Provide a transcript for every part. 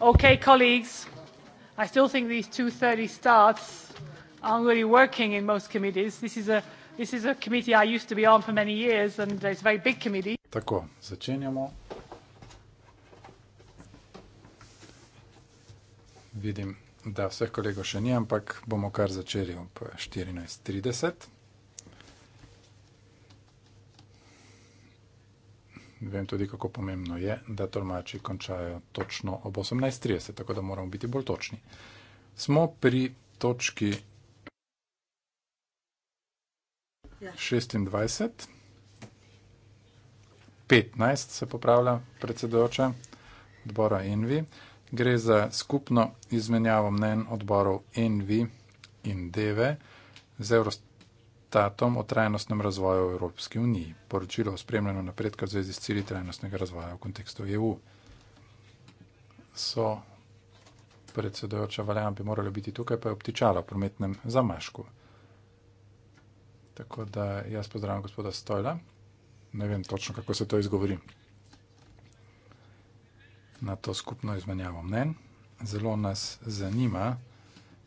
Okay, colleagues, I still think these 2.30 starts aren't really working in most committees. This is a, this is a committee I used to be on for many years, and it's a very big committee. Tako, začenjamo. Vidim, da vseh kolegov še ni, ampak bomo kar začeli ob 14.30. vem tudi, kako pomembno je, da tolmači končajo točno ob 18.30, tako da moramo biti bolj točni. Smo pri točki 26, ja. 15 se popravlja predsedojoča odbora Envi. Gre za skupno izmenjavo mnen odborov Envi in Deve z Evropskim traktatom o trajnostnem razvoju v Evropski uniji, poročilo o spremljanju napredka v zvezi s cilji trajnostnega razvoja v kontekstu EU. So predsedojoča Valjan bi morali biti tukaj, pa je obtičala v prometnem zamašku. Tako da jaz pozdravljam gospoda Stojla. Ne vem točno, kako se to izgovori. Na to skupno izmenjavo mnen. Zelo nas zanima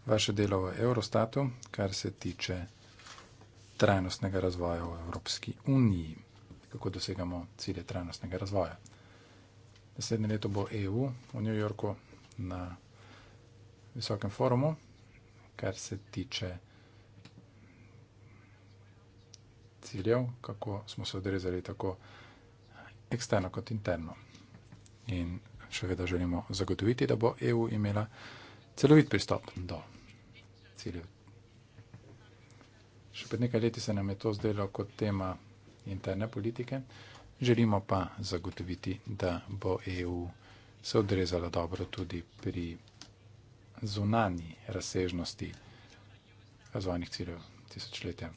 vaše delo v Eurostatu, kar se tiče trajnostnega razvoja v Evropski uniji, kako dosegamo cilje trajnostnega razvoja. Naslednje leto bo EU v New Yorku na visokem forumu, kar se tiče ciljev, kako smo se odrezali tako eksterno kot interno. In še vedno želimo zagotoviti, da bo EU imela celovit pristop do ciljev Še pred nekaj leti se nam je to zdelo kot tema interne politike, želimo pa zagotoviti, da bo EU se odrezala dobro tudi pri zunani razsežnosti razvojnih ciljev tisočletja.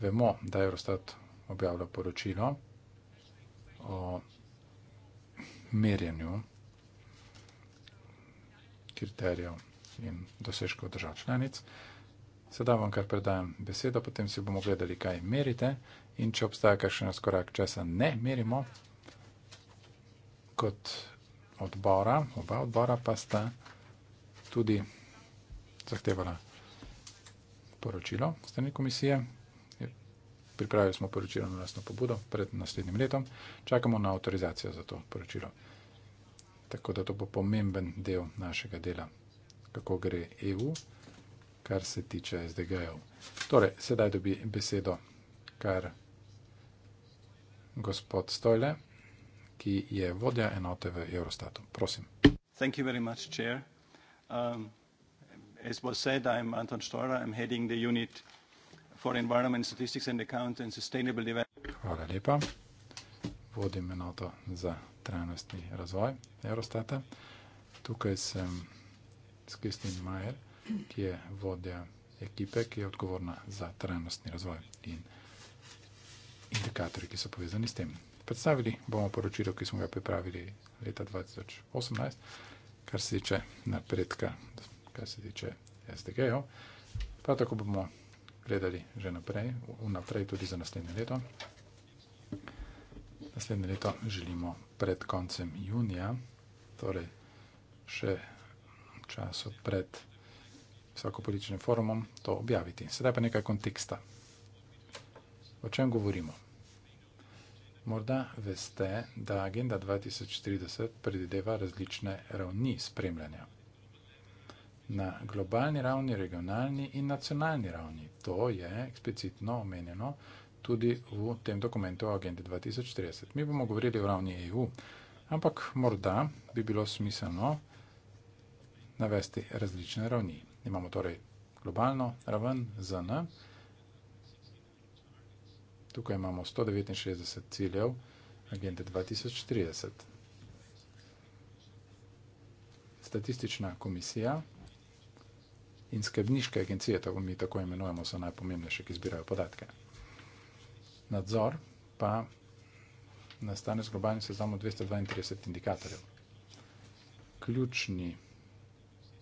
Vemo, da je Eurostat objavila poročilo o merjenju kriterijev in dosežkov držav članic. Sedaj vam kar predajam besedo, potem si bomo gledali, kaj merite in če obstaja kakšen razkorak časa, ne merimo. Kot odbora, oba odbora pa sta tudi zahtevala poročilo strani komisije. Pripravili smo poročilo na lastno pobudo pred naslednjim letom. Čakamo na avtorizacijo za to poročilo. Tako da to bo pomemben del našega dela, kako gre EU kar se tiče SDG-jev. Torej, sedaj dobi besedo kar gospod Stojle, ki je vodja enote v Eurostatu. Prosim. Thank you very much, chair. Um, as was said, I'm Anton Stora. I'm heading the unit for environment statistics and account and sustainable development. Hvala lepa. Vodim enoto za trajnostni razvoj Eurostata. Tukaj sem s Kristin Majer, ki je vodja ekipe, ki je odgovorna za trajnostni razvoj in indikatorje, ki so povezani s tem. Predstavili bomo poročilo, ki smo ga pripravili leta 2018, kar se tiče napredka, kar se tiče SDG-jev. Prav tako bomo gledali že naprej, vnaprej tudi za naslednje leto. Naslednje leto želimo pred koncem junija, torej še času pred vsako političnim forumom to objaviti. Sedaj pa nekaj konteksta. O čem govorimo? Morda veste, da Agenda 2030 predideva različne ravni spremljanja. Na globalni ravni, regionalni in nacionalni ravni. To je eksplicitno omenjeno tudi v tem dokumentu o Agendi 2030. Mi bomo govorili o ravni EU, ampak morda bi bilo smiselno navesti različne ravni. Imamo torej globalno raven ZN. Tukaj imamo 169 ciljev agende 2030. Statistična komisija in skrbniške agencije, tako mi tako imenujemo, so najpomembnejše, ki zbirajo podatke. Nadzor pa nastane z globalnim seznamom 232 indikatorjev. Ključni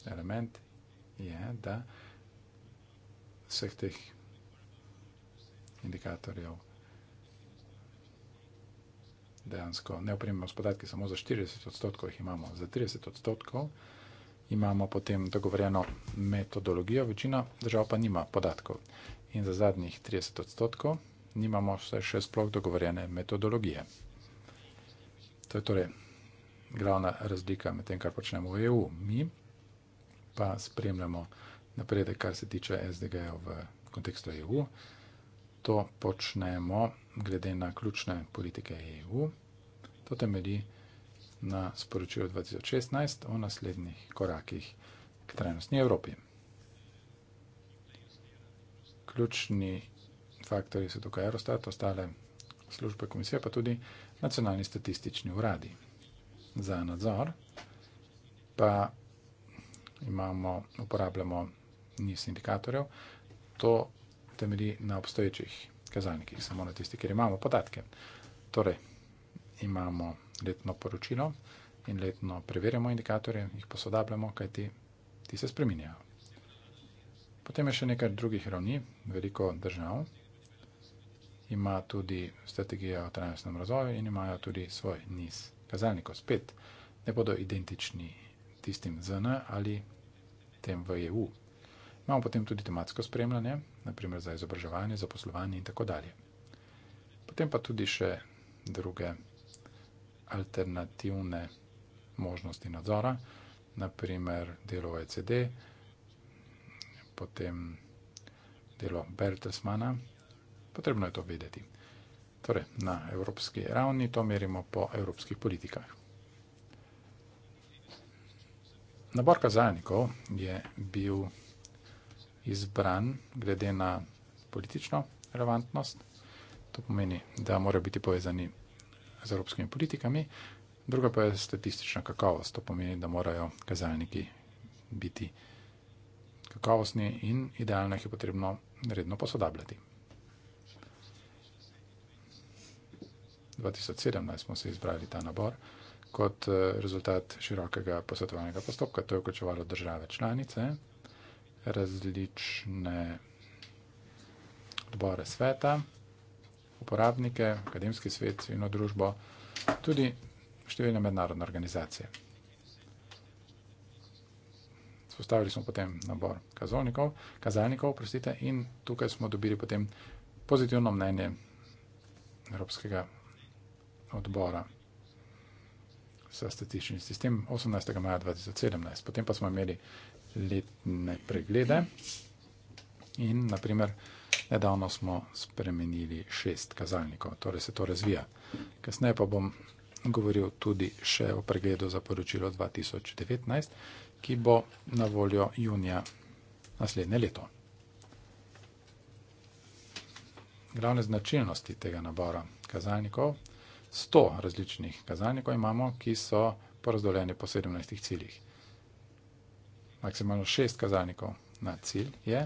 element je, da vseh teh indikatorjev dejansko ne opremimo s podatki, samo za 40 odstotkov jih imamo. Za 30 odstotkov imamo potem dogovorjeno metodologijo, večina držav pa nima podatkov. In za zadnjih 30 odstotkov nimamo vse še sploh dogovorjene metodologije. To je torej glavna razlika med tem, kar počnemo v EU. Mi pa spremljamo napredek, kar se tiče SDG-ja v kontekstu EU. To počnemo glede na ključne politike EU. To temelji na sporočilu 2016 o naslednjih korakih k trajnostni Evropi. Ključni faktori so tukaj Eurostat, ostale službe komisije, pa tudi nacionalni statistični uradi. Za nadzor pa imamo, uporabljamo niz indikatorjev. To temelji na obstoječih kazalnikih, samo na tistih, kjer imamo podatke. Torej, imamo letno poročilo in letno preverjamo indikatorje, jih posodabljamo, kajti ti se spreminjajo. Potem je še nekaj drugih ravni, veliko držav ima tudi strategijo o trajnostnem razvoju in imajo tudi svoj niz kazalnikov. Spet ne bodo identični tistim ZN ali tem v EU. Imamo potem tudi tematsko spremljanje, naprimer za izobraževanje, za poslovanje in tako dalje. Potem pa tudi še druge alternativne možnosti nadzora, naprimer delo OECD, potem delo Bertelsmana. Potrebno je to vedeti. Torej, na evropski ravni to merimo po evropskih politikah. Nabor kazalnikov je bil izbran glede na politično relevantnost, to pomeni, da morajo biti povezani z evropskimi politikami, druga pa je statistična kakovost, to pomeni, da morajo kazalniki biti kakovostni in idealno jih je potrebno redno posodabljati. 2017 smo se izbrali ta nabor kot eh, rezultat širokega posvetovalnega postopka. To je vključevalo države članice, različne odbore sveta, uporabnike, akademski svet, civilno družbo, tudi številne mednarodne organizacije. Spostavili smo potem nabor kazalnikov, kazalnikov prostite, in tukaj smo dobili potem pozitivno mnenje Evropskega odbora za statistični sistem 18. maja 2017. Potem pa smo imeli letne preglede in naprimer nedavno smo spremenili šest kazalnikov, torej se to razvija. Kasneje pa bom govoril tudi še o pregledu za poročilo 2019, ki bo na voljo junija naslednje leto. Glavne značilnosti tega nabora kazalnikov. 100 različnih kazalnikov imamo, ki so porazdoljeni po 17 ciljih. Maksimalno 6 kazalnikov na cilj je,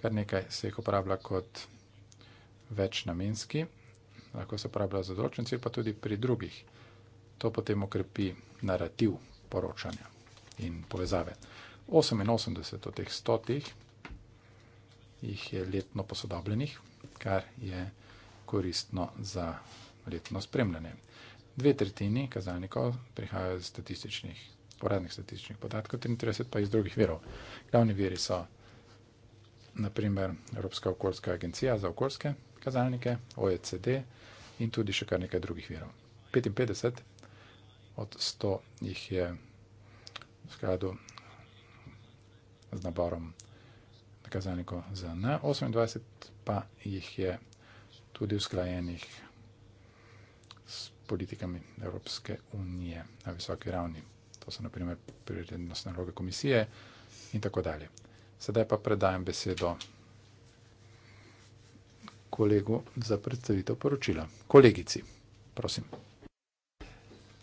kar nekaj se jih uporablja kot večnamenski, lahko se uporablja za določen cilj, pa tudi pri drugih. To potem okrepi narativ poročanja in povezave. 88 od teh 100 jih je letno posodobljenih, kar je koristno za letno spremljanje. Dve tretjini kazalnikov prihajajo iz statističnih, uradnih statističnih podatkov, 33 pa iz drugih verov. Glavni veri so naprimer Evropska okoljska agencija za okoljske kazalnike, OECD in tudi še kar nekaj drugih verov. 55 od 100 jih je v skladu z naborom kazalnikov ZN, 28 pa jih je tudi usklajenih s politikami Evropske unije na visoki ravni. To so naprimer prirednostne naloge komisije in tako dalje. Sedaj pa predajam besedo kolegu za predstavitev poročila. Kolegici, prosim.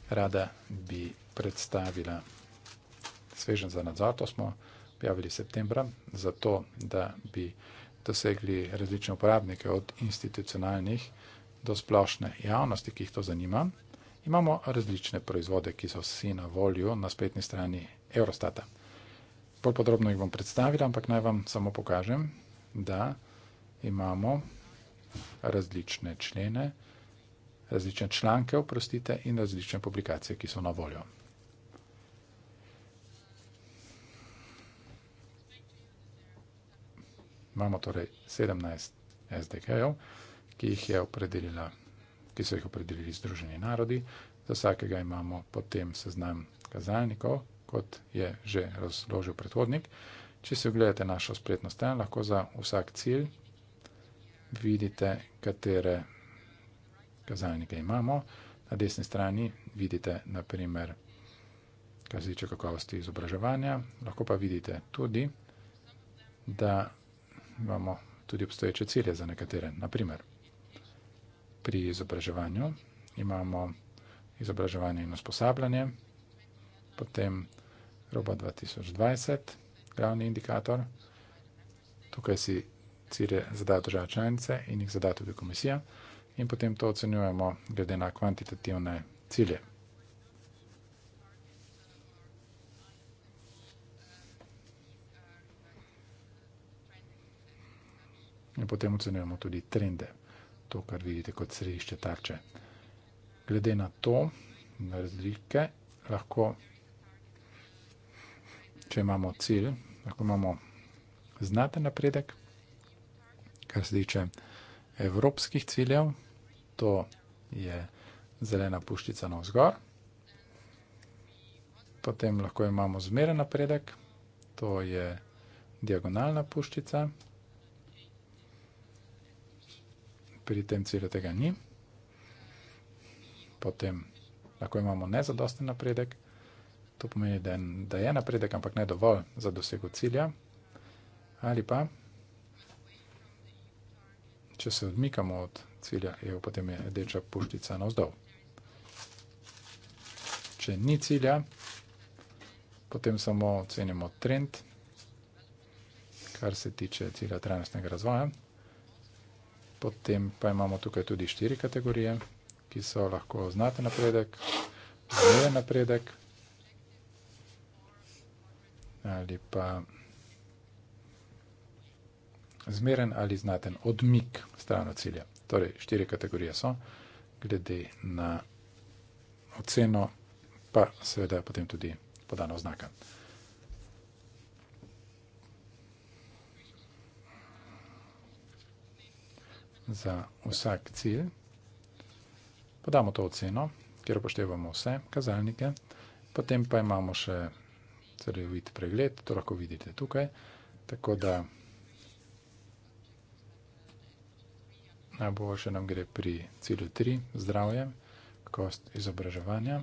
Rada bi predstavila svežen za nadzor, to smo objavili septembra, zato da bi dosegli različne uporabnike od institucionalnih do splošne javnosti, ki jih to zanima, imamo različne proizvode, ki so vsi na voljo na spletni strani Eurostata. Bolj podrobno jih bom predstavila, ampak naj vam samo pokažem, da imamo različne člene, različne članke, oprostite, in različne publikacije, ki so na voljo. Imamo torej 17 SDK-jev ki, jih je ki so jih opredelili Združeni narodi. Za vsakega imamo potem seznam kazalnikov, kot je že razložil predhodnik. Če si ogledate našo spletno stran, lahko za vsak cilj vidite, katere kazalnike imamo. Na desni strani vidite naprimer kaziče kakovosti izobraževanja, lahko pa vidite tudi, da imamo tudi obstoječe cilje za nekatere. Naprimer, pri izobraževanju. Imamo izobraževanje in usposabljanje, potem robo 2020, glavni indikator. Tukaj si cilje zadajo države članice in jih zadajo tudi komisija in potem to ocenjujemo glede na kvantitativne cilje. In potem ocenjujemo tudi trende to, kar vidite kot središče tarče. Glede na to, na razlike, lahko, če imamo cilj, lahko imamo znaten napredek, kar se tiče evropskih ciljev, to je zelena puščica na vzgor, potem lahko imamo zmeren napredek, to je diagonalna puščica, pri tem cilju tega ni, potem lahko imamo nezadosten napredek. To pomeni, da je, da je napredek, ampak ne dovolj za dosego cilja. Ali pa, če se odmikamo od cilja, je potem je rdeča puščica navzdol. Če ni cilja, potem samo ocenimo trend, kar se tiče cilja trajnostnega razvoja. Potem pa imamo tukaj tudi štiri kategorije, ki so lahko znaten napredek, zmeren napredek ali pa zmeren ali znaten odmik stran od cilja. Torej, štiri kategorije so, glede na oceno, pa seveda potem tudi podano znaka. za vsak cilj. Podamo to oceno, kjer upoštevamo vse kazalnike. Potem pa imamo še celovit pregled, to lahko vidite tukaj. Tako da najboljše nam gre pri cilju 3, zdravje, kost izobraževanja,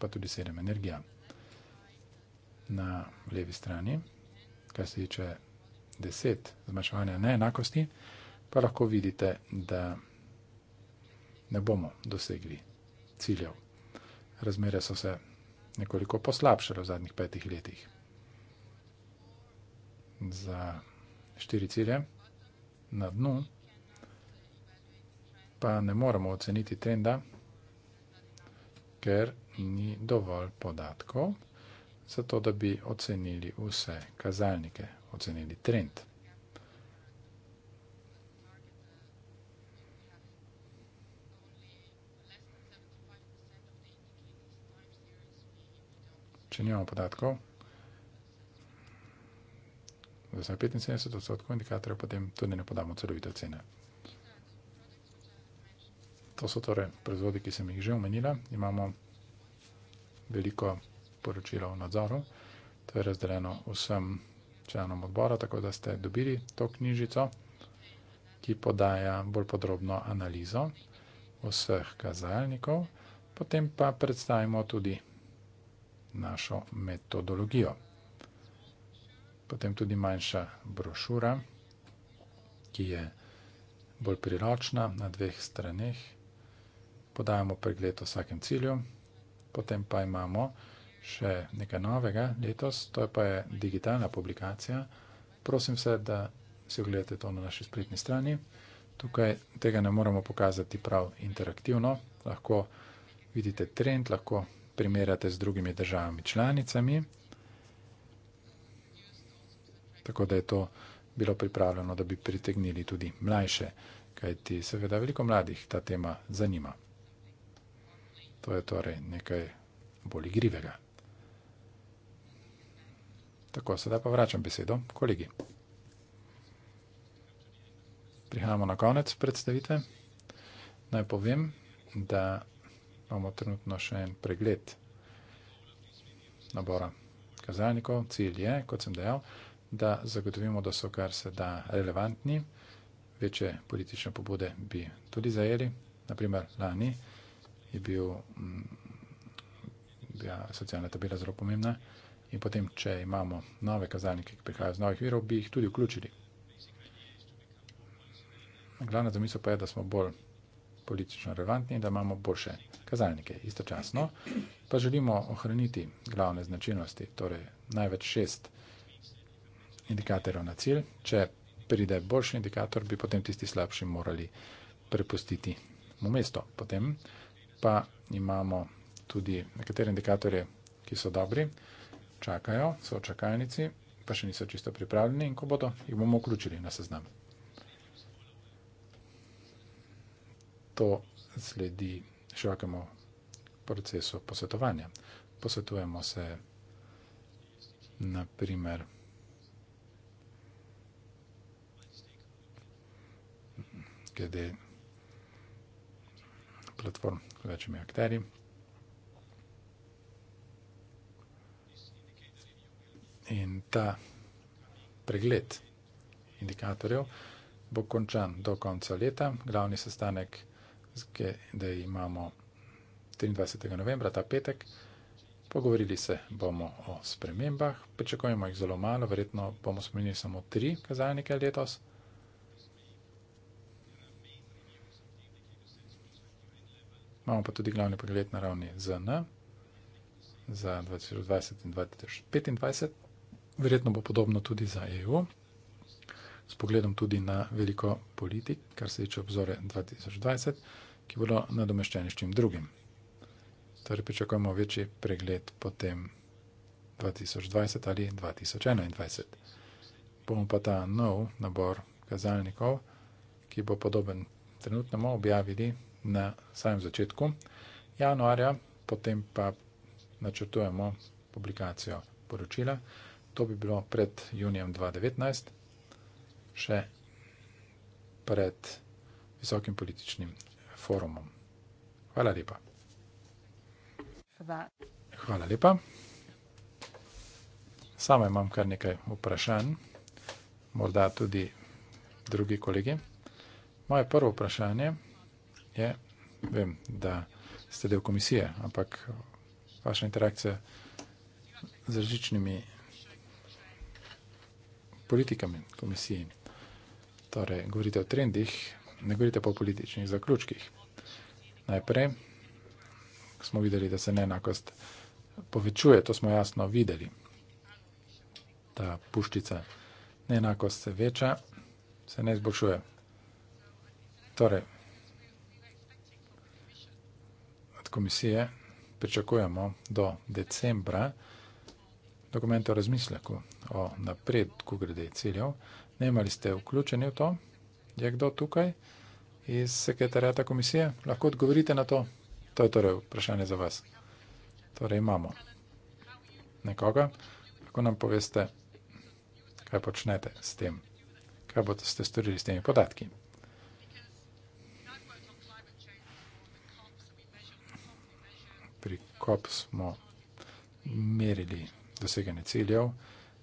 pa tudi 7 energija. Na levi strani, kar se tiče 10 zmanjševanja neenakosti, pa lahko vidite, da ne bomo dosegli ciljev. Razmere so se nekoliko poslabšale v zadnjih petih letih. Za štiri cilje na dnu pa ne moremo oceniti trenda, ker ni dovolj podatkov, zato da bi ocenili vse kazalnike, ocenili trend. če nimamo podatkov. Za vsaj 75 odstotkov indikatorjev potem tudi ne podamo celovite ocene. To so torej proizvodi, ki sem jih že omenila. Imamo veliko poročilo v nadzoru. To je razdeljeno vsem članom odbora, tako da ste dobili to knjižico, ki podaja bolj podrobno analizo vseh kazalnikov. Potem pa predstavimo tudi našo metodologijo. Potem tudi manjša brošura, ki je bolj priročna na dveh straneh. Podajamo pregled vsakem cilju, potem pa imamo še nekaj novega letos, to je pa je digitalna publikacija. Prosim se, da si ogledate to na naši spletni strani. Tukaj tega ne moramo pokazati prav interaktivno, lahko vidite trend, lahko primerjate z drugimi državami članicami. Tako da je to bilo pripravljeno, da bi pritegnili tudi mlajše, kajti seveda veliko mladih ta tema zanima. To je torej nekaj bolj igrivega. Tako, sedaj pa vračam besedo kolegi. Prihajamo na konec predstavitve. Naj povem, da imamo trenutno še en pregled nabora kazalnikov. Cilj je, kot sem dejal, da zagotovimo, da so kar se da relevantni. Večje politične pobude bi tudi zajeli. Naprimer, lani je bil bila mm, ja, socialna tabela zelo pomembna in potem, če imamo nove kazalnike, ki prihajajo z novih virov, bi jih tudi vključili. Glavna zamisel pa je, da smo bolj politično relevantni, da imamo boljše kazalnike. Istočasno pa želimo ohraniti glavne značilnosti, torej največ šest indikatorjev na cilj. Če pride boljši indikator, bi potem tisti slabši morali prepustiti mu mesto. Potem pa imamo tudi nekatere indikatorje, ki so dobri, čakajo, so v čakalnici, pa še niso čisto pripravljeni in ko bodo, jih bomo vključili na seznam. to sledi širokemu procesu posvetovanja. Posvetujemo se naprimer glede platform z večjimi akterji. In ta pregled indikatorjev bo končan do konca leta. Glavni sestanek je da imamo 23. novembra, ta petek. Pogovorili se bomo o spremembah, pričakujemo jih zelo malo, verjetno bomo spremenili samo tri kazalnike letos. Imamo pa tudi glavni pogled na ravni ZN za 2020 in 2025. Verjetno bo podobno tudi za EU s pogledom tudi na veliko politik, kar se tiče obzore 2020, ki bodo nadomeščeni s čim drugim. Torej, pričakujemo večji pregled potem 2020 ali 2021. Bomo pa ta nov nabor kazalnikov, ki bo podoben trenutnemu, objavili na samem začetku januarja, potem pa načrtujemo publikacijo poročila. To bi bilo pred junijem 2019, še pred visokim političnim forumom. Hvala lepa. Hvala lepa. Sama imam kar nekaj vprašanj, morda tudi drugi kolegi. Moje prvo vprašanje je, vem, da ste del komisije, ampak vaša interakcija z različnimi politikami komisijami. Torej, govorite o trendih, ne govorite pa o političnih zaključkih. Najprej smo videli, da se neenakost povečuje, to smo jasno videli. Ta puščica neenakost se veča, se ne izboljšuje. Torej, od komisije pričakujemo do decembra dokument o razmisleku o napredku glede ciljev, Nemali ste vključeni v to? Je kdo tukaj iz sekretarjata komisije? Lahko odgovorite na to? To je torej vprašanje za vas. Torej imamo nekoga. Lahko nam poveste, kaj počnete s tem? Kaj boste storili s temi podatki? Pri COP smo merili doseganje ciljev,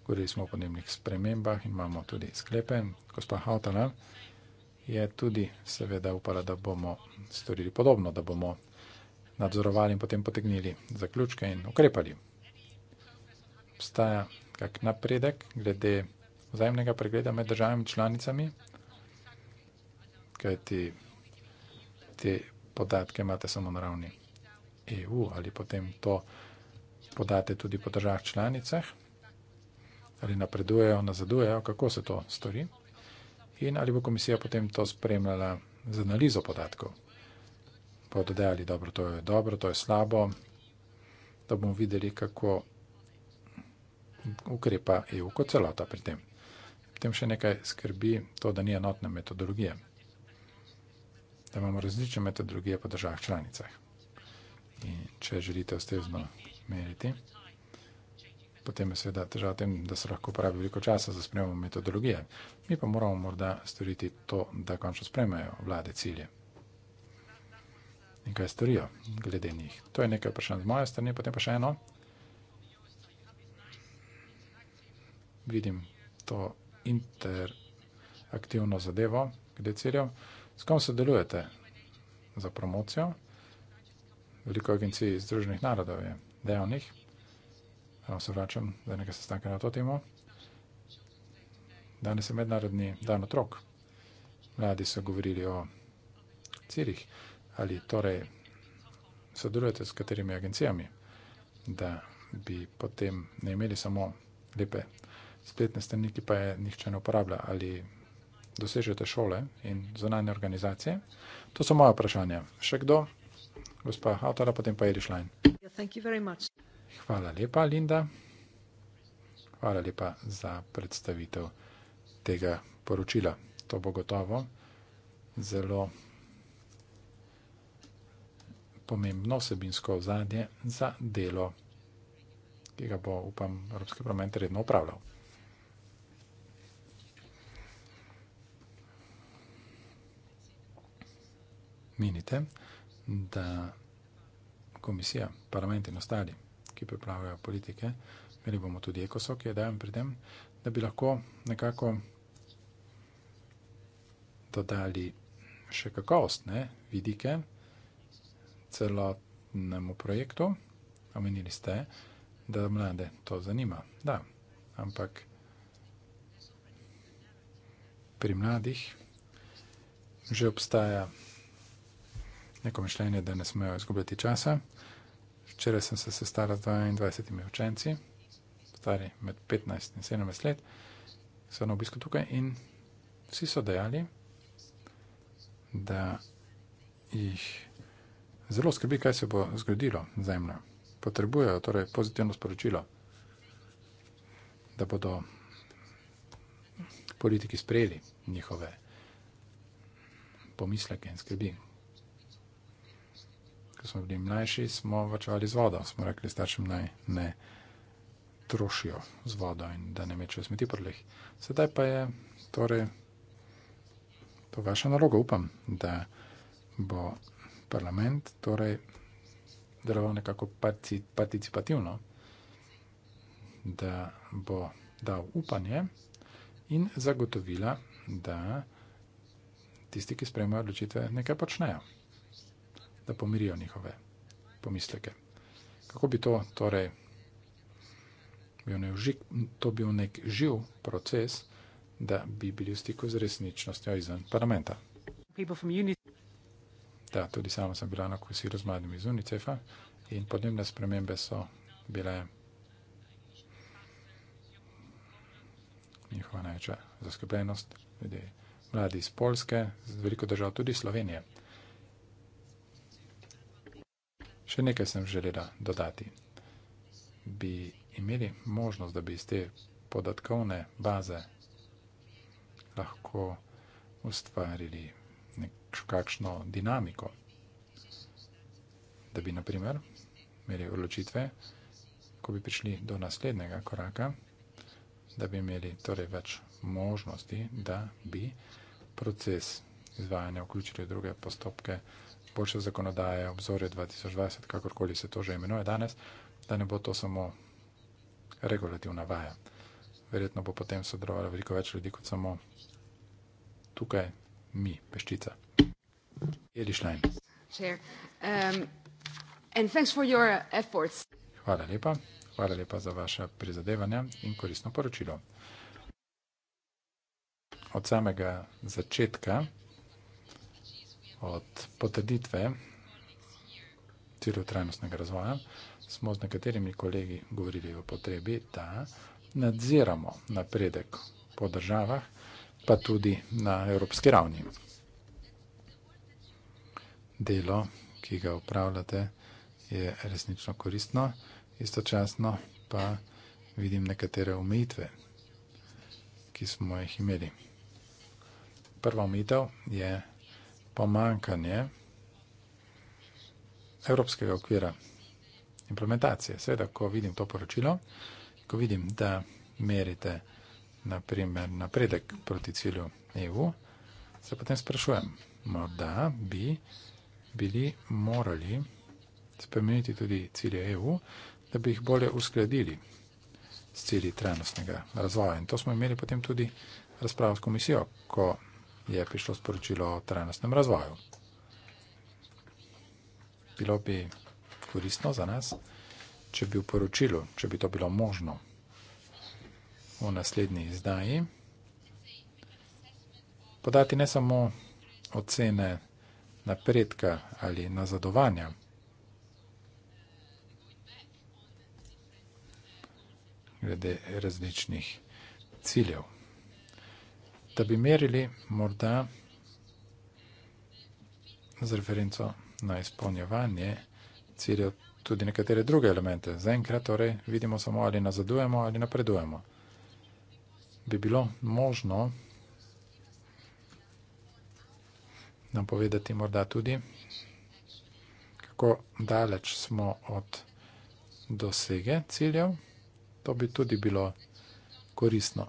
govorili smo o podnebnih spremembah in imamo tudi sklepe. Gospa Hautala je tudi seveda upala, da bomo storili podobno, da bomo nadzorovali in potem potegnili zaključke in ukrepali. Obstaja kak napredek glede vzajemnega pregleda med državami članicami, kajti te podatke imate samo na ravni EU ali potem to podate tudi po državah članicah ali napredujejo, nazadujejo, kako se to stori in ali bo komisija potem to spremljala z analizo podatkov. Bodo dejali, dobro, to je dobro, to je slabo, da bomo videli, kako ukrepa EU kot celota pri tem. Potem še nekaj skrbi to, da ni enotne metodologije, da imamo različne metodologije po državah članicah. In če želite ustrezno meriti potem je seveda težava v tem, da se lahko uporabi veliko časa za spremljanje metodologije. Mi pa moramo morda storiti to, da končno spremljajo vlade cilje in kaj storijo glede njih. To je nekaj vprašanj z moje strani, potem pa še eno. Vidim to interaktivno zadevo glede ciljev. S kom sodelujete za promocijo? Veliko agencij Združenih narodov je dejavnih se vračam, da nekaj sestanka na to temo. Danes je mednarodni dan otrok. Mladi so govorili o cilih, ali torej sodelujete s katerimi agencijami, da bi potem ne imeli samo lepe spletne strani, ki pa je nihče ne uporablja, ali dosežete šole in zunanje organizacije. To so moja vprašanja. Še kdo? Gospa Hautala, potem pa Eriš Lajn. Yeah, Hvala lepa, Linda. Hvala lepa za predstavitev tega poročila. To bo gotovo zelo pomembno osebinsko vzadje za delo, ki ga bo, upam, Evropski parlament redno upravljal. Menite, da komisija, parlament in ostali ki pripravljajo politike, imeli bomo tudi ekosok, ki je dajem pri tem, da bi lahko nekako dodali še kakovostne vidike celotnemu projektu. Omenili ste, da mlade to zanima. Da, ampak pri mladih že obstaja neko mišljenje, da ne smejo izgubljati časa. Včeraj sem se sestala z 22 učenci, stari med 15 in 17 let, so na obisku tukaj in vsi so dejali, da jih zelo skrbi, kaj se bo zgodilo z zemljo. Potrebujejo torej pozitivno sporočilo, da bodo politiki sprejeli njihove pomisleke in skrbi, ko smo bili mlajši, smo vrčevali z vodo. Smo rekli staršem, naj ne trošijo z vodo in da ne mečejo smeti prlih. Sedaj pa je torej to vaša naloga. Upam, da bo parlament torej deloval nekako participativno, da bo dal upanje in zagotovila, da tisti, ki sprejmejo odločitve, nekaj počnejo da pomirijo njihove pomisleke. Kako bi to torej bil neužik, to bil nek živ proces, da bi bili v stiku z resničnostjo izven parlamenta. Da, tudi sama sem bila na kosilu z mladimi iz UNICEF-a in podnebne spremembe so bile njihova največja zaskrbljenost. Mladi iz Polske, z veliko držav tudi Slovenije. Še nekaj sem želela dodati. Bi imeli možnost, da bi iz te podatkovne baze lahko ustvarili nekakšno dinamiko, da bi naprimer imeli odločitve, ko bi prišli do naslednjega koraka, da bi imeli torej več možnosti, da bi proces izvajanja vključili v druge postopke vsega, boljše zakonodaje, obzorje 2020, kakorkoli se to že imenuje danes, da ne bo to samo regulativna vaja. Verjetno bo potem sodelovalo veliko več ljudi kot samo tukaj, mi, peščica. Eli Schlein. Um, Hvala lepa. Hvala lepa za vaše prizadevanja in koristno poročilo. Od samega začetka od potrditve cilju trajnostnega razvoja, smo z nekaterimi kolegi govorili o potrebi, da nadziramo napredek po državah, pa tudi na evropski ravni. Delo, ki ga upravljate, je resnično koristno, istočasno pa vidim nekatere omejitve, ki smo jih imeli. Prva omejitev je pomankanje evropskega okvira implementacije. Seveda, ko vidim to poročilo, ko vidim, da merite naprimer napredek proti cilju EU, se potem sprašujem, morda bi bili morali spremeniti tudi cilje EU, da bi jih bolje uskladili s cilji trajnostnega razvoja. In to smo imeli potem tudi razpravo s komisijo, ko je prišlo sporočilo o trajnostnem razvoju. Bilo bi koristno za nas, če bi v poročilu, če bi to bilo možno v naslednji izdaji, podati ne samo ocene napredka ali nazadovanja, glede različnih ciljev da bi merili morda z referenco na izpolnjevanje ciljev tudi nekatere druge elemente. Zaenkrat torej vidimo samo ali nazadujemo ali napredujemo. Bi bilo možno nam povedati morda tudi, kako daleč smo od dosege ciljev, to bi tudi bilo koristno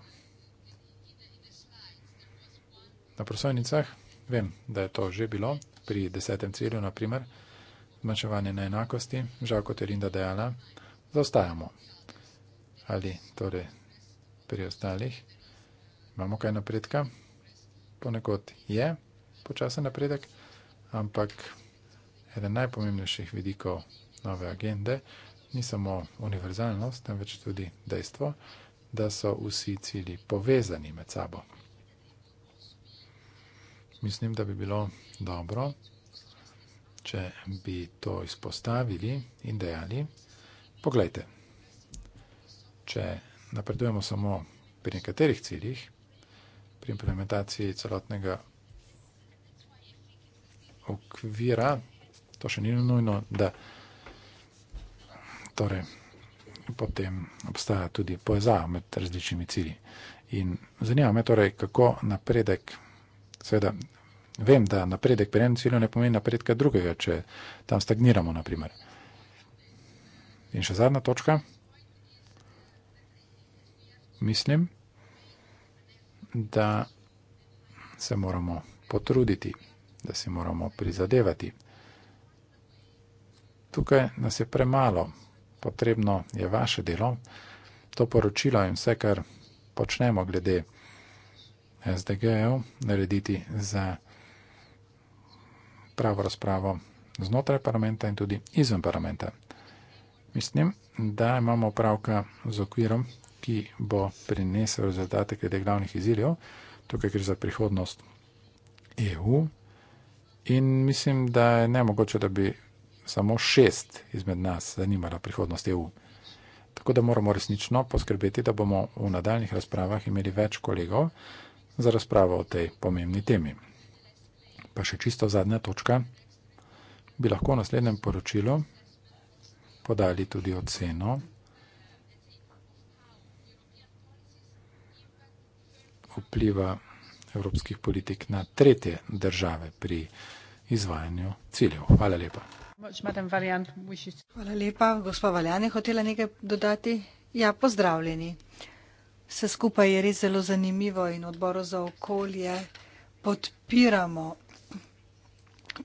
na prosojnicah, vem, da je to že bilo pri desetem cilju, naprimer, zmanjševanje na enakosti, žal kot je Rinda dejala, zaostajamo. Ali torej pri ostalih imamo kaj napredka? Ponekod je počasen napredek, ampak eden najpomembnejših vidikov nove agende ni samo univerzalnost, temveč tudi dejstvo, da so vsi cili povezani med sabo. Mislim, da bi bilo dobro, če bi to izpostavili in dejali. Poglejte, če napredujemo samo pri nekaterih ciljih, pri implementaciji celotnega okvira, to še ni nujno, da torej potem obstaja tudi povezava med različnimi cilji. In zanima me torej, kako napredek. Seveda, vem, da napredek pri enem cilju ne pomeni napredka drugega, če tam stagniramo. Naprimer. In še zadnja točka. Mislim, da se moramo potruditi, da si moramo prizadevati. Tukaj nas je premalo, potrebno je vaše delo, to poročilo in vse, kar počnemo glede. SDG-jev narediti za pravo razpravo znotraj parlamenta in tudi izven parlamenta. Mislim, da imamo opravka z okvirom, ki bo prinesel rezultate glede glavnih izirjev, tukaj gre za prihodnost EU in mislim, da je nemogoče, da bi samo šest izmed nas zanimala prihodnost EU. Tako da moramo resnično poskrbeti, da bomo v nadaljnih razpravah imeli več kolegov, za razpravo o tej pomembni temi. Pa še čisto zadnja točka. Bi lahko v naslednjem poročilu podali tudi oceno vpliva evropskih politik na tretje države pri izvajanju ciljev. Hvala lepa. Hvala lepa. Gospa Valjan je hotela nekaj dodati. Ja, pozdravljeni. Vse skupaj je res zelo zanimivo in odboru za okolje podpiramo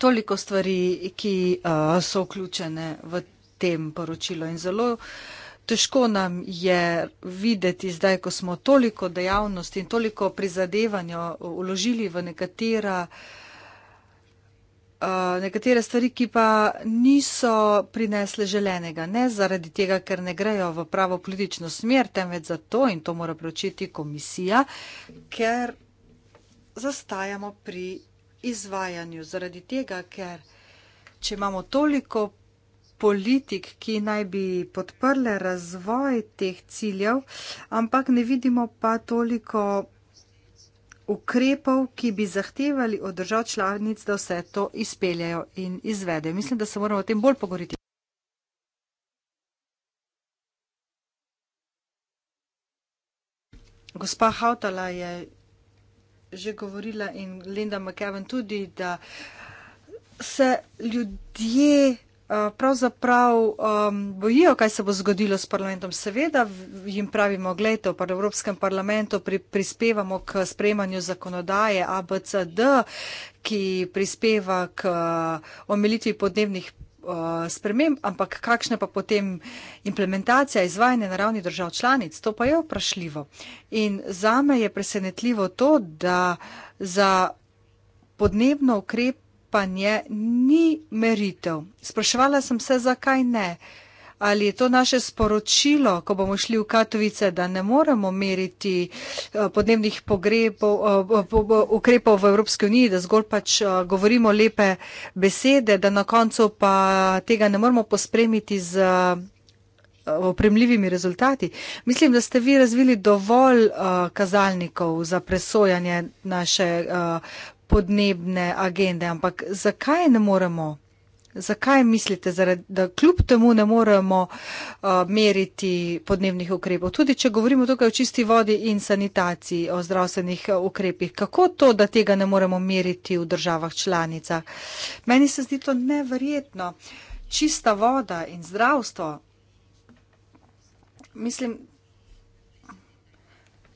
toliko stvari, ki uh, so vključene v tem poročilo. In zelo težko nam je videti zdaj, ko smo toliko dejavnosti in toliko prizadevanja uložili v nekatera uh, uh, nekatere stvari, ki pa niso prinesle želenega. Ne zaradi tega, ker ne grejo v pravo politično smer, temveč zato in to mora pročiti komisija, ker zastajamo pri izvajanju. Zaradi tega, ker če imamo toliko politik, ki naj bi podprle razvoj teh ciljev, ampak ne vidimo pa toliko ukrepov, ki bi zahtevali od držav članic, da vse to izpeljajo in izvedejo. Mislim, da se moramo o tem bolj pogovoriti. Gospa Hautala je že govorila in Linda McKevin tudi, da se ljudje Eh, pravzaprav um, bojijo, kaj se bo zgodilo s parlamentom. Seveda jim pravimo, gledajte, v Evropskem parlamentu pri, prispevamo k sprejemanju zakonodaje ABCD, ki prispeva k uh, omilitvi podnebnih eh, sprememb, ampak kakšna pa potem implementacija izvajanja na ravni držav članic, to pa je vprašljivo. In za me je presenetljivo to, da za podnebno ukrep, zaupanje ni meritev. Spraševala sem se, zakaj ne. Ali je to naše sporočilo, ko bomo šli v Katovice, da ne moremo meriti eh, podnebnih pogrebov, eh, ukrepov v Evropski uniji, da zgolj pač eh, govorimo lepe besede, da na koncu pa tega ne moremo pospremiti z opremljivimi rezultati. Mislim, da ste vi razvili dovolj uh, kazalnikov za presojanje naše uh, podnebne agende, ampak zakaj ne moremo? Zakaj mislite, zaradi, da kljub temu ne moremo uh, meriti podnebnih ukrepov? Tudi, če govorimo tukaj o čisti vodi in sanitaciji, o zdravstvenih uh, ukrepih, kako to, da tega ne moremo meriti v državah članicah? Meni se zdi to neverjetno. Čista voda in zdravstvo, mislim,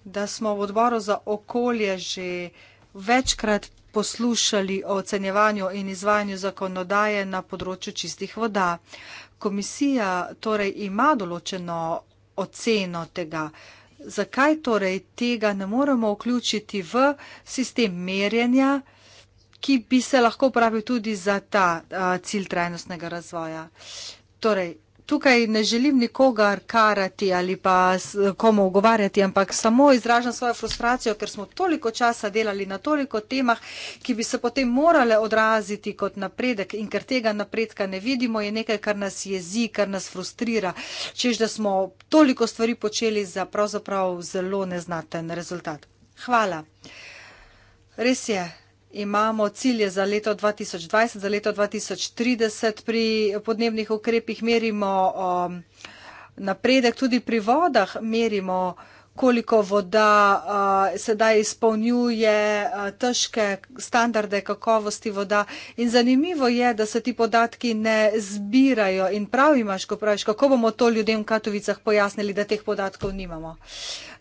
da smo v odboru za okolje že večkrat poslušali o ocenjevanju in izvajanju zakonodaje na področju čistih voda. Komisija torej ima določeno oceno tega. Zakaj torej tega ne moremo vključiti v sistem merjenja, ki bi se lahko uporabil tudi za ta a, cilj trajnostnega razvoja? Torej, tukaj ne želim nikogar karati ali pa komu ogovarjati, ampak samo izražam svojo frustracijo, ker smo toliko časa delali na toliko temah, ki bi se potem morale odraziti kot napredek in ker tega napredka ne vidimo, je nekaj, kar nas jezi, kar nas frustrira. Čež, da smo toliko stvari počeli za pravzaprav zelo neznaten rezultat. Hvala. Res je imamo cilje za leto 2020, za leto 2030. Pri podnebnih ukrepih merimo um, napredek, tudi pri vodah merimo napredek koliko voda uh, sedaj izpolnjuje uh, težke standarde kakovosti voda. In zanimivo je, da se ti podatki ne zbirajo. In prav imaš, ko praviš, kako bomo to ljudem v Katovicah pojasnili, da teh podatkov nimamo.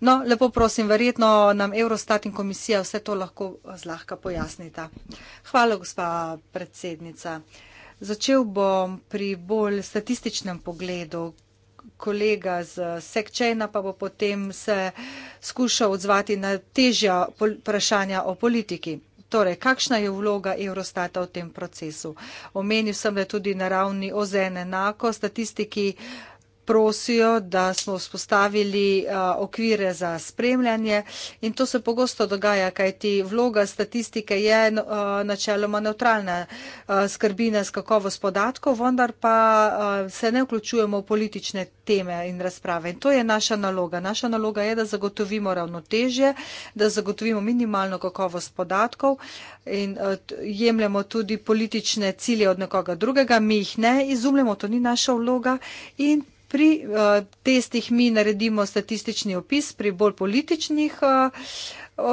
No, lepo prosim, verjetno nam Eurostat in komisija vse to lahko zlahka pojasnita. Hvala, gospa predsednica. Začel bom pri bolj statističnem pogledu kolega z Sekčena, pa bo potem se skušal odzvati na težja vprašanja o politiki. Torej, kakšna je vloga Eurostata v tem procesu? Omenil sem, da je tudi na ravni OZN enako, statistiki uh, prosijo, da smo vzpostavili eh, okvire za spremljanje in to se pogosto dogaja, kajti vloga statistike je eh, načeloma neutralna eh, skrbina z kakovost podatkov, vendar pa se ne vključujemo v politične teme in razprave. In to je naša naloga. Naša naloga je, da zagotovimo ravnotežje, da zagotovimo minimalno kakovost podatkov in jemljemo tudi politične cilje od nekoga drugega, mi jih ne izumljamo, to ni naša vloga. In pri uh, testih mi naredimo statistični opis pri bolj političnih uh,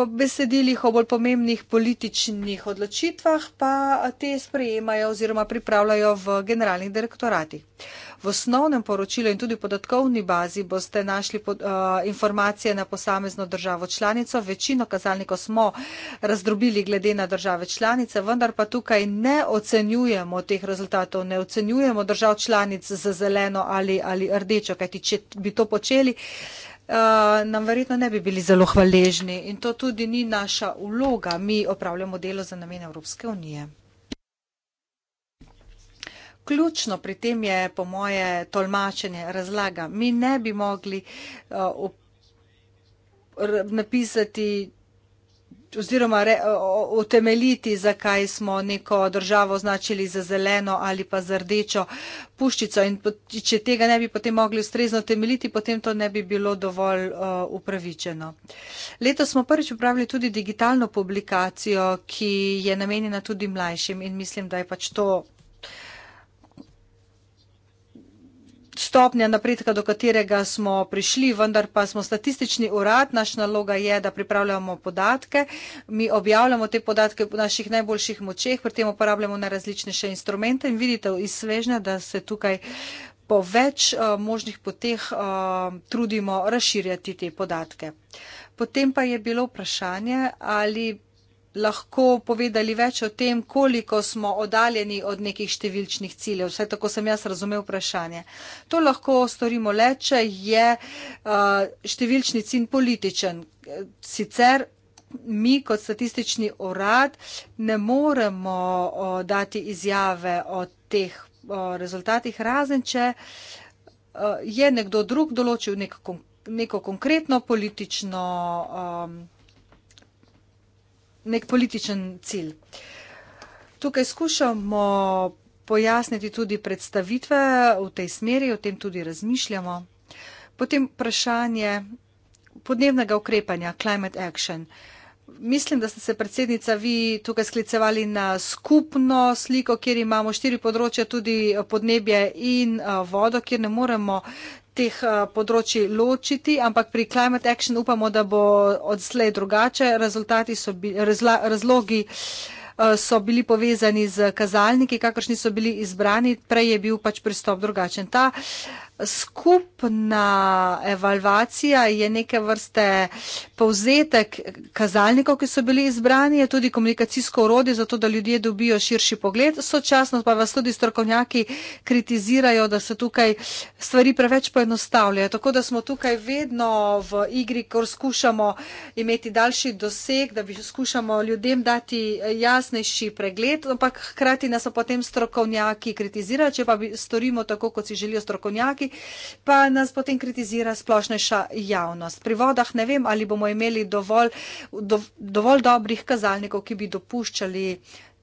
besedilih o bolj pomembnih političnih odločitvah pa te sprejemajo oziroma pripravljajo v generalnih direktoratih. V osnovnem poročilu in tudi v podatkovni bazi boste našli pod, uh, informacije na posamezno državo članico. Večino kazalnikov smo razdrobili glede na države članice, vendar pa tukaj ne ocenjujemo teh rezultatov, ne ocenjujemo držav članic za zeleno ali, ali rdečo, kajti če bi to počeli, uh, Eh, nam verjetno ne bi bili zelo hvaležni in to tudi ni naša vloga. Mi opravljamo delo za namene Evropske unije. Ključno pri tem je po moje tolmačenje razlaga. Mi ne bi mogli uh, napisati oziroma re, utemeliti, zakaj smo neko državo označili za zeleno ali pa za rdečo puščico. In če tega ne bi potem mogli ustrezno utemeliti, potem to ne bi bilo dovolj uh, upravičeno. Leto smo prvič upravili tudi digitalno publikacijo, ki je namenjena tudi mlajšim in mislim, da je pač to stopnja napredka, do katerega smo prišli, vendar pa smo statistični urad. Naš naloga je, da pripravljamo podatke. Mi objavljamo te podatke v naših najboljših močeh, pri tem uporabljamo na različne še instrumente in vidite iz svežnja, da se tukaj po več uh, možnih poteh uh, trudimo razširjati te podatke. Potem pa je bilo vprašanje, ali lahko povedali več o tem, koliko smo oddaljeni od nekih številčnih ciljev. Vse tako sem jaz razumel vprašanje. To lahko storimo le, če je uh, številčni cilj političen. Sicer mi kot statistični urad ne moremo dati izjave o teh rezultatih, razen če je nekdo drug določil neko konkretno politično nek političen cilj. Tukaj skušamo pojasniti tudi predstavitve v tej smeri, o tem tudi razmišljamo. Potem vprašanje podnebnega ukrepanja, climate action. Mislim, da ste se predsednica vi tukaj sklicevali na skupno sliko, kjer imamo štiri področja, tudi podnebje in eh, vodo, kjer ne moremo teh eh, področji ločiti, ampak pri Climate Action upamo, da bo odslej drugače. Rezultati so bili, razla, razlogi eh, so bili povezani z kazalniki, kakršni so bili izbrani, prej je bil pač pristop drugačen. Ta uh, skupna evalvacija je neke vrste povzetek kazalnikov, ki so bili izbrani, je tudi komunikacijsko urodje za to, da ljudje dobijo širši pogled. Sočasno pa vas tudi strokovnjaki kritizirajo, da se tukaj stvari preveč poenostavljajo. Tako da smo tukaj vedno v igri, ko skušamo imeti daljši doseg, da bi skušamo ljudem dati jasnejši pregled, ampak hkrati nas pa potem strokovnjaki kritizirajo, če pa bi storimo tako, kot si želijo strokovnjaki pa nas potem kritizira splošnejša javnost. Pri vodah ne vem, ali bomo imeli dovolj, do, dovolj dobrih kazalnikov, ki bi dopuščali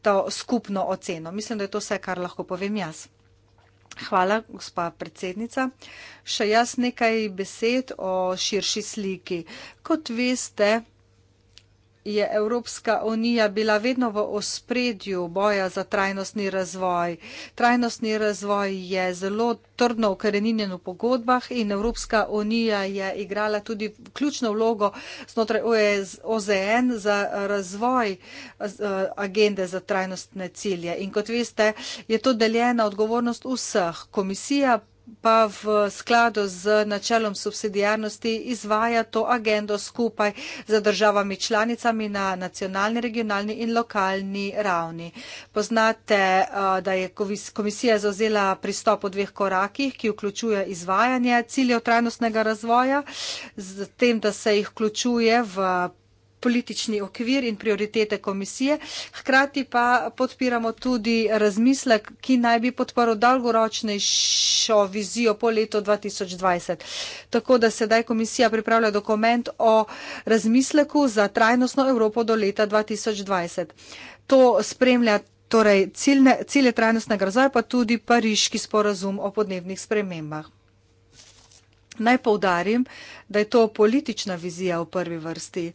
to skupno oceno. Mislim, da je to vse, kar lahko povem jaz. Hvala, gospa predsednica. Še jaz nekaj besed o širši sliki. Kot veste, je Evropska unija bila vedno v ospredju boja za trajnostni razvoj. Trajnostni razvoj je zelo trdno ukorenjen v pogodbah in Evropska unija je igrala tudi ključno vlogo znotraj OZN e za razvoj eh, agende za trajnostne cilje. In kot veste, je to deljena odgovornost vseh. Komisija pa v skladu z načelom subsidijarnosti izvaja to agendo skupaj z državami članicami na nacionalni, regionalni in lokalni ravni. Poznate, da je komisija zauzela pristop v dveh korakih, ki vključuje izvajanje ciljev trajnostnega razvoja, z tem, da se jih vključuje v politični okvir in prioritete komisije. Hkrati pa podpiramo tudi razmislek, ki naj bi podporil dolgoročnejšo vizijo po letu 2020. Tako da sedaj komisija pripravlja dokument o razmisleku za trajnostno Evropo do leta 2020. To spremlja. Torej, ciljne, cilje trajnostnega razvoja, pa tudi pariški sporazum o podnebnih spremembah. Naj poudarim, da je to politična vizija v prvi vrsti.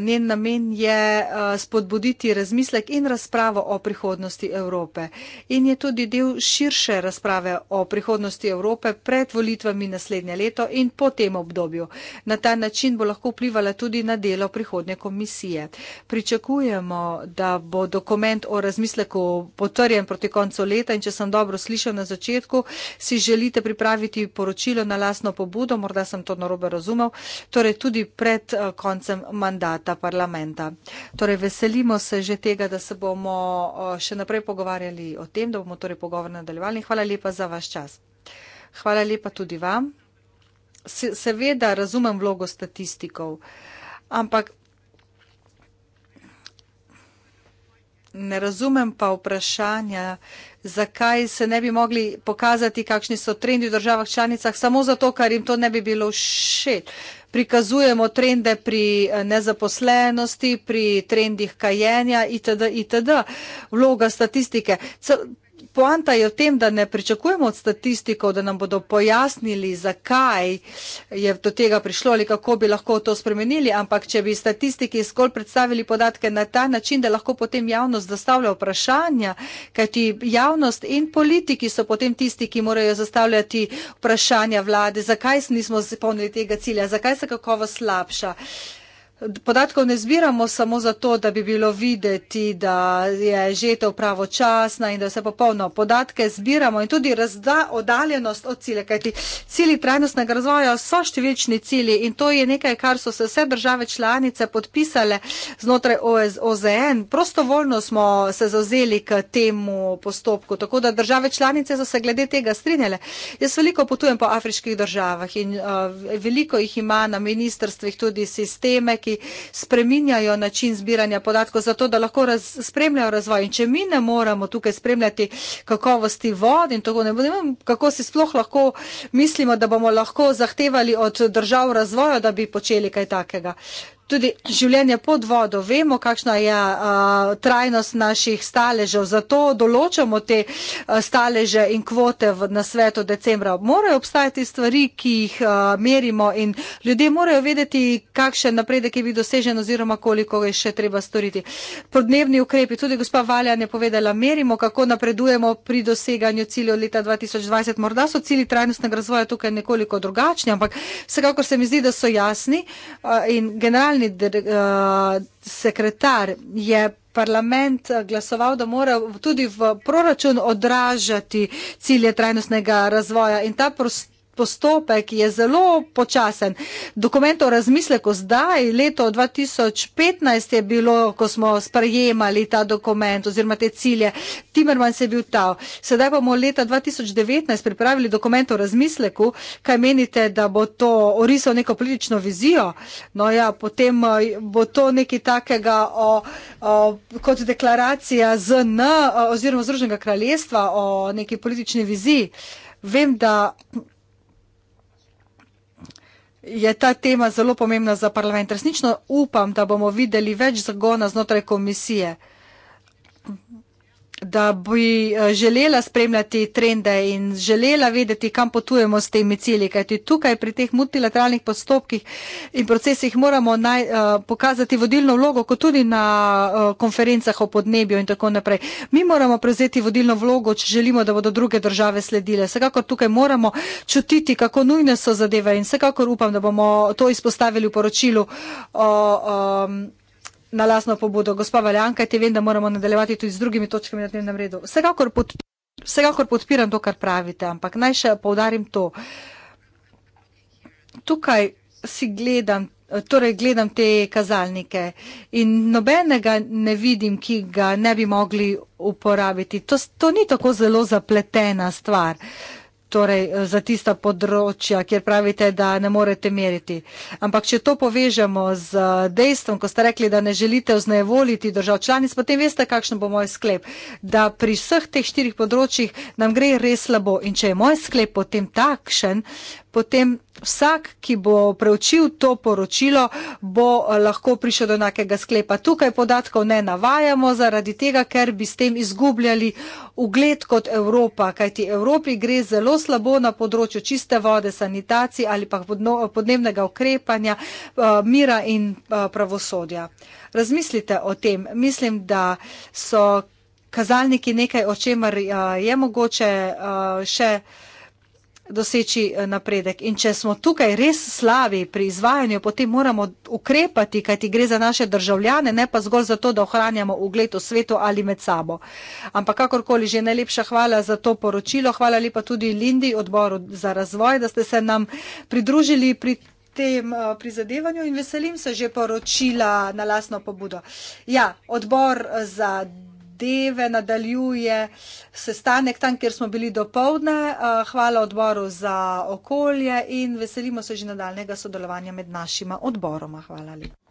Njen namen je eh, spodbuditi razmislek in razpravo o prihodnosti Evrope in je tudi del širše razprave o prihodnosti Evrope pred volitvami naslednje leto in po tem obdobju. Na ta način bo lahko vplivala tudi na delo prihodne komisije. Pričakujemo, da bo dokument o razmisleku potrjen proti koncu leta in če sem dobro slišal na začetku, si želite pripraviti poročilo na lasno pobudo, morda sem to narobe razumela sporozumov, torej tudi pred eh, koncem mandata parlamenta. Torej veselimo se že tega, da se bomo eh, še naprej pogovarjali o tem, da bomo torej pogovor nadaljevali. Hvala lepa za vaš čas. Hvala lepa tudi vam. Seveda razumem vlogo statistikov, ampak Ne razumem pa vprašanja, zakaj se ne bi mogli pokazati, kakšni so trendi v državah članicah, samo zato, ker jim to ne bi bilo všeč. Prikazujemo trende pri eh, nezaposlenosti, pri trendih kajenja itd. itd. Vloga statistike poanta je v tem, da ne pričakujemo od statistikov, da nam bodo pojasnili, zakaj je do tega prišlo ali kako bi lahko to spremenili, ampak če bi statistiki zgolj predstavili podatke na ta način, da lahko potem javnost zastavlja vprašanja, kajti javnost in politiki so potem tisti, ki morajo zastavljati vprašanja vlade, zakaj nismo izpolnili tega cilja, zakaj se kakovost slabša. Uh, Podatkov ne zbiramo samo zato, da bi bilo videti, da je žetev pravočasna in da se popolno podatke zbiramo in tudi razda odaljenost od cilja, kajti cilji trajnostnega razvoja so številčni cilji in to je nekaj, kar so se vse države članice podpisale znotraj OZN. E Prostovoljno smo se zauzeli k temu postopku, tako da države članice so se glede tega strinjale. Jaz veliko potujem po afriških državah in uh, veliko jih ima na ministrstvih tudi sisteme, ki podjetij spreminjajo način zbiranja podatkov, zato da lahko raz, spremljajo razvoj. In če mi ne moramo tukaj spremljati kakovosti vod in tako ne vem, kako si sploh lahko mislimo, da bomo lahko zahtevali od držav razvoja, da bi počeli kaj takega tudi življenje pod vodo, vemo, kakšna je uh, trajnost naših staležev, zato določamo te uh, staleže in kvote v, na svetu decembra. Morajo obstajati stvari, ki jih uh, merimo in ljudje morajo vedeti, kakšen napredek je bil dosežen oziroma koliko je še treba storiti. Podnebni ukrepi, tudi gospa Valjan je povedala, merimo, kako napredujemo pri doseganju ciljev leta 2020. Morda so cilji trajnostnega razvoja tukaj nekoliko drugačni, ampak vsekakor se mi zdi, da so jasni uh, in generalni glavni dr, uh, sekretar je parlament eh, glasoval, da mora tudi v proračun odražati cilje trajnostnega razvoja in ta prostor postopek je zelo počasen. Dokument o razmisleku zdaj, leto 2015 je bilo, ko smo sprejemali ta dokument oziroma te cilje. Timerman se je bil ta. Sedaj bomo leta 2019 pripravili dokument o razmisleku. Kaj menite, da bo to orisal neko politično vizijo? No ja, potem eh, bo to nekaj takega o, o, kot deklaracija ZN eh, oziroma Združenega kraljestva o neki politični viziji. Vem, da je ta tema zelo pomembna za parlament. Resnično upam, da bomo videli več zagona znotraj komisije da bi eh, želela spremljati trende in želela vedeti, kam potujemo s temi cilji, kajti tukaj pri teh multilateralnih postopkih in procesih moramo naj, uh, pokazati vodilno vlogo, kot tudi na uh, konferencah o podnebju in tako naprej. Mi moramo prevzeti vodilno vlogo, če želimo, da bodo druge države sledile. Vsekakor tukaj moramo čutiti, kako nujne so zadeve in vsekakor upam, da bomo to izpostavili v poročilu. Uh, um, na lasno pobudo. Gospa Valjanka, te vem, da moramo nadaljevati tudi z drugimi točkami na dnevnem redu. Vsekakor, podp vsekakor podpiram to, kar pravite, ampak naj še povdarim to. Tukaj si gledam, torej gledam te kazalnike in nobenega ne vidim, ki ga ne bi mogli uporabiti. To, to ni tako zelo zapletena stvar. Uh, torej eh, za tista področja, kjer pravite, da ne morete meriti. Ampak če to povežemo z eh, dejstvom, ko ste rekli, da ne želite oznajevoliti držav članic, potem veste, kakšen bo moj sklep, da pri vseh teh štirih področjih nam gre res slabo. In če je moj sklep potem takšen, potem vsak, ki bo preučil to poročilo, bo eh, lahko prišel do nekega sklepa. Tukaj podatkov ne navajamo, zaradi tega, ker bi s tem izgubljali ugled kot Evropa, kajti Evropi gre zelo slabo na področju čiste vode, sanitacij ali pa podnebnega ukrepanja, eh, mira in eh, pravosodja. Razmislite o tem. Mislim, da so kazalniki nekaj, o čemer je mogoče še doseči eh, napredek. In če smo tukaj res slavi pri izvajanju, potem moramo ukrepati, kajti gre za naše državljane, ne pa zgolj zato, da ohranjamo ugled v svetu ali med sabo. Ampak kakorkoli že, najlepša hvala za to poročilo. Hvala lepa tudi Lindi, odboru za razvoj, da ste se nam pridružili pri tem eh, prizadevanju in veselim se že poročila na lasno pobudo. Ja, odbor eh, za zadeve nadaljuje sestanek tam, kjer smo bili do povdne. Eh, hvala odboru za okolje in veselimo se že nadaljnega sodelovanja med našima odboroma. Hvala lepa.